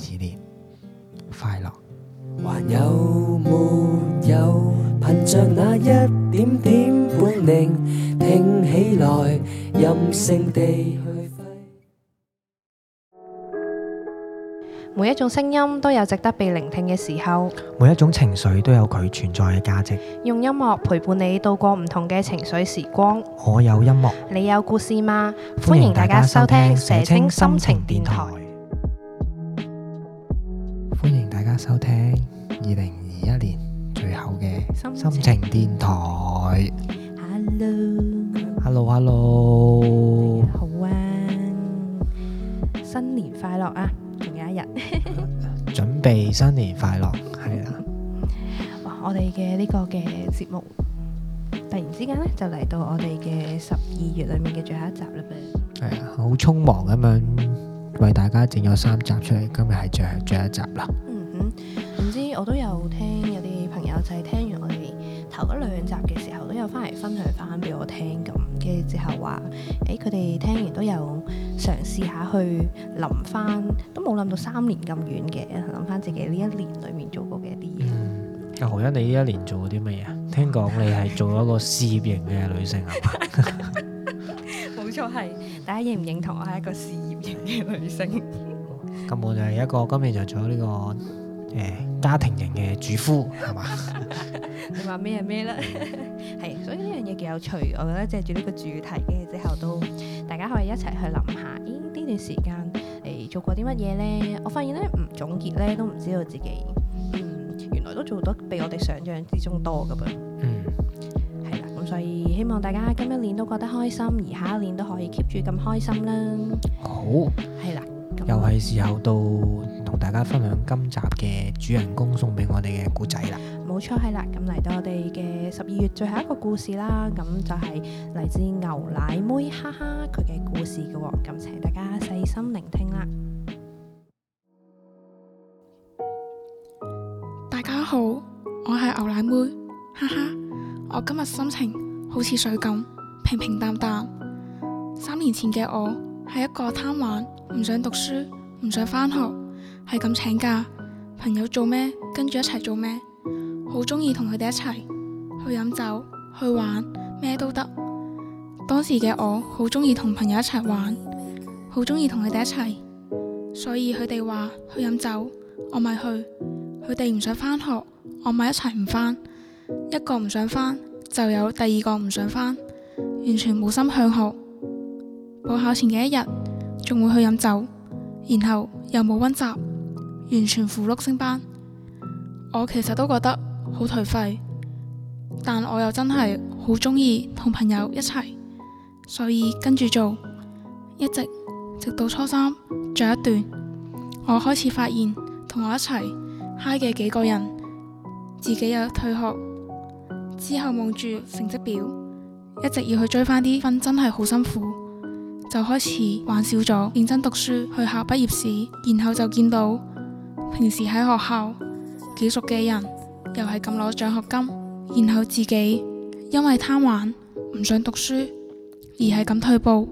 自戀快樂，還有沒有？憑着那一點點本能，聽起來任性地去飛。每一種聲音都有值得被聆聽嘅時候，每一種情緒都有佢存在嘅價值。用音樂陪伴你度過唔同嘅情緒時光。我有音樂，你有故事嗎？歡迎大家收聽《蛇清心情電台》。收聽二零二一年最後嘅心情電台。Hello，Hello，Hello，好啊！新年快樂啊！仲有一日，準備新年快樂係啊。我哋嘅呢個嘅節目突然之間呢就嚟到我哋嘅十二月裏面嘅最後一集啦。係啊，好匆忙咁樣為大家整咗三集出嚟，今日係最後最後一集啦。我都有聽有啲朋友就係聽完我哋頭嗰兩集嘅時候，都有翻嚟分享翻俾我聽咁。跟住之後話，誒，佢哋聽完都有嘗試，試下去諗翻，都冇諗到三年咁遠嘅。諗翻自己呢一年裏面做過嘅一啲嘢、嗯。何欣，你呢一年做過啲乜嘢？聽講你係做咗個事業型嘅女性啊？冇錯，係大家認唔認同我係一個事業型嘅女性？咁 我就係一個，今年就做咗呢個。誒、欸，家庭型嘅主夫，係嘛 吧？ 你話咩啊咩啦？係， 所以呢樣嘢幾有趣，我覺得借住呢個主題嘅之後都，都大家可以一齊去諗下，咦、欸、呢段時間誒、欸、做過啲乜嘢咧？我發現咧唔總結咧都唔知道自己，嗯、原來都做得比我哋想象之中多噶噃。嗯，係啦，咁所以希望大家今一年都覺得開心，而下一年都可以 keep 住咁開心啦。好，係啦，又係時候到。同大家分享今集嘅主人公送俾我哋嘅故仔啦，冇錯係啦。咁嚟到我哋嘅十二月最後一個故事啦，咁就係嚟自牛奶妹，哈哈佢嘅故事嘅。咁請大家細心聆聽啦。大家好，我係牛奶妹，哈哈，我今日心情好似水咁平平淡淡。三年前嘅我係一個貪玩，唔想讀書，唔想返學，係咁請假，朋友做咩，跟住一齊做咩，好鍾意同佢哋一齊去飲酒去玩咩都得。當時嘅我好鍾意同朋友一齊玩，好鍾意同佢哋一齊，所以佢哋話去飲酒，我咪去。佢哋唔想返學，我咪一齊唔返。一個唔想返，就有第二個唔想返，完全冇心向學。補考前嘅一日，仲會去飲酒，然後又冇溫習。完全符碌升班，我其實都覺得好頹廢，但我又真係好中意同朋友一齊，所以跟住做，一直直到初三仲有一段，我開始發現同我一齊嗨嘅幾個人自己又退學之後，望住成績表一直要去追翻啲分，真係好辛苦，就開始玩少咗認真讀書去考畢業試，然後就見到。平時喺學校幾熟嘅人，又係咁攞獎學金，然後自己因為貪玩唔想讀書，而係咁退步，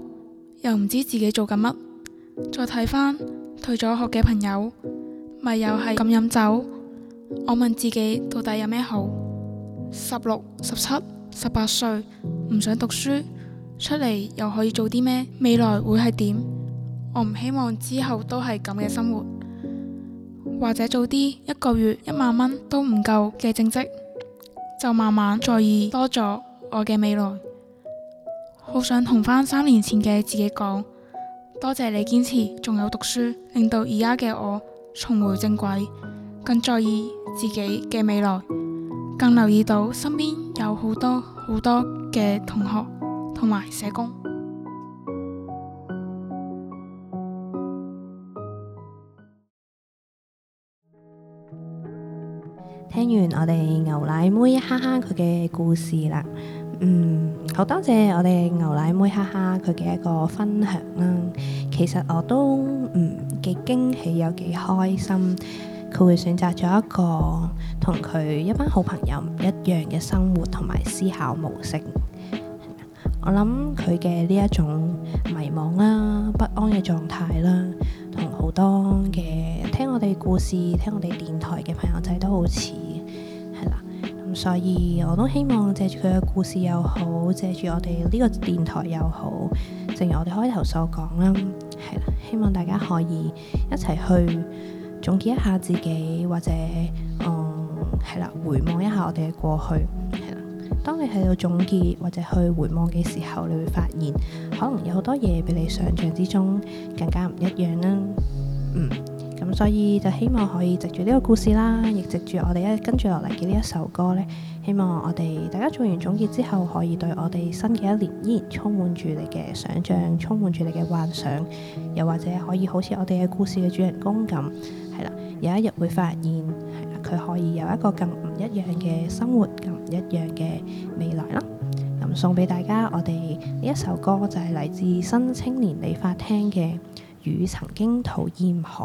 又唔知自己做緊乜。再睇翻退咗學嘅朋友，咪又係咁飲酒。我問自己到底有咩好？十六、十七、十八歲唔想讀書，出嚟又可以做啲咩？未來會係點？我唔希望之後都係咁嘅生活。或者做啲一個月一萬蚊都唔夠嘅正職，就慢慢在意多咗我嘅未來。好想同返三年前嘅自己講，多謝你堅持仲有讀書，令到而家嘅我重回正軌，更在意自己嘅未來，更留意到身邊有好多好多嘅同學同埋社工。聽完我哋牛奶妹哈哈佢嘅故事啦，嗯，好多謝我哋牛奶妹哈哈佢嘅一個分享啦。其實我都唔、嗯、幾驚喜，有幾開心，佢會選擇咗一個同佢一班好朋友唔一樣嘅生活同埋思考模式。我諗佢嘅呢一種迷茫啦、不安嘅狀態啦，同好多嘅聽我哋故事、聽我哋電台嘅朋友仔都好似。所以我都希望借住佢嘅故事又好，借住我哋呢個電台又好，正如我哋開頭所講啦，係啦，希望大家可以一齊去總結一下自己，或者，嗯，係啦，回望一下我哋嘅過去。係啦，當你喺度總結或者去回望嘅時候，你會發現，可能有好多嘢比你想象之中更加唔一樣啦。嗯。咁所以就希望可以藉住呢個故事啦，亦藉住我哋一跟住落嚟嘅呢一首歌呢，希望我哋大家做完總結之後，可以對我哋新嘅一年依然充滿住你嘅想像，充滿住你嘅幻想，又或者可以好似我哋嘅故事嘅主人公咁，係啦，有一日會發現係佢可以有一個更唔一樣嘅生活，更唔一樣嘅未來啦。咁送俾大家，我哋呢一首歌就係嚟自新青年理髮廳嘅《與曾經討厭海》。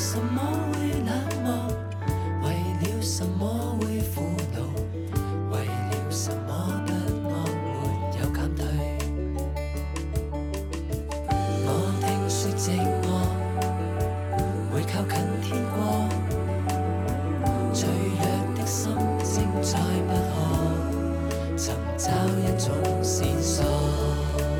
為什麼會冷漠？為了什麼會苦惱？為了什麼不挽回沒有減退？我聽説寂寞會靠近天光，脆弱的心正在不可，尋找一種線索。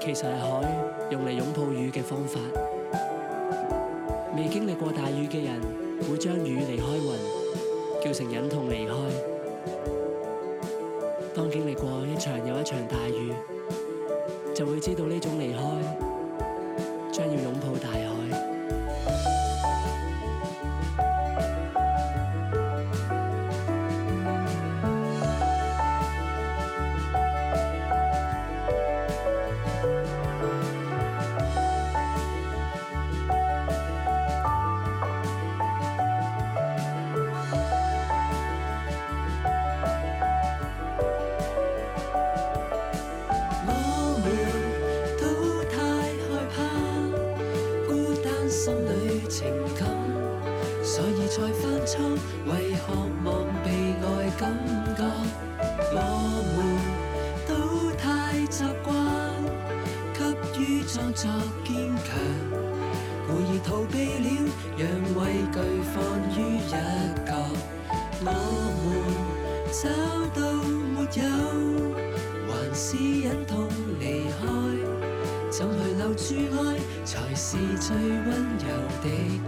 其實係海用嚟擁抱雨嘅方法。未經歷過大雨嘅人，會將雨離開雲，叫成忍痛離開。當經歷過一場又一場大雨，就會知道呢種離開將要擁抱大雨。作堅強，故意逃避了，讓畏懼放於一角。我們找到沒有？還是忍痛離開？怎去留住愛，才是最溫柔的？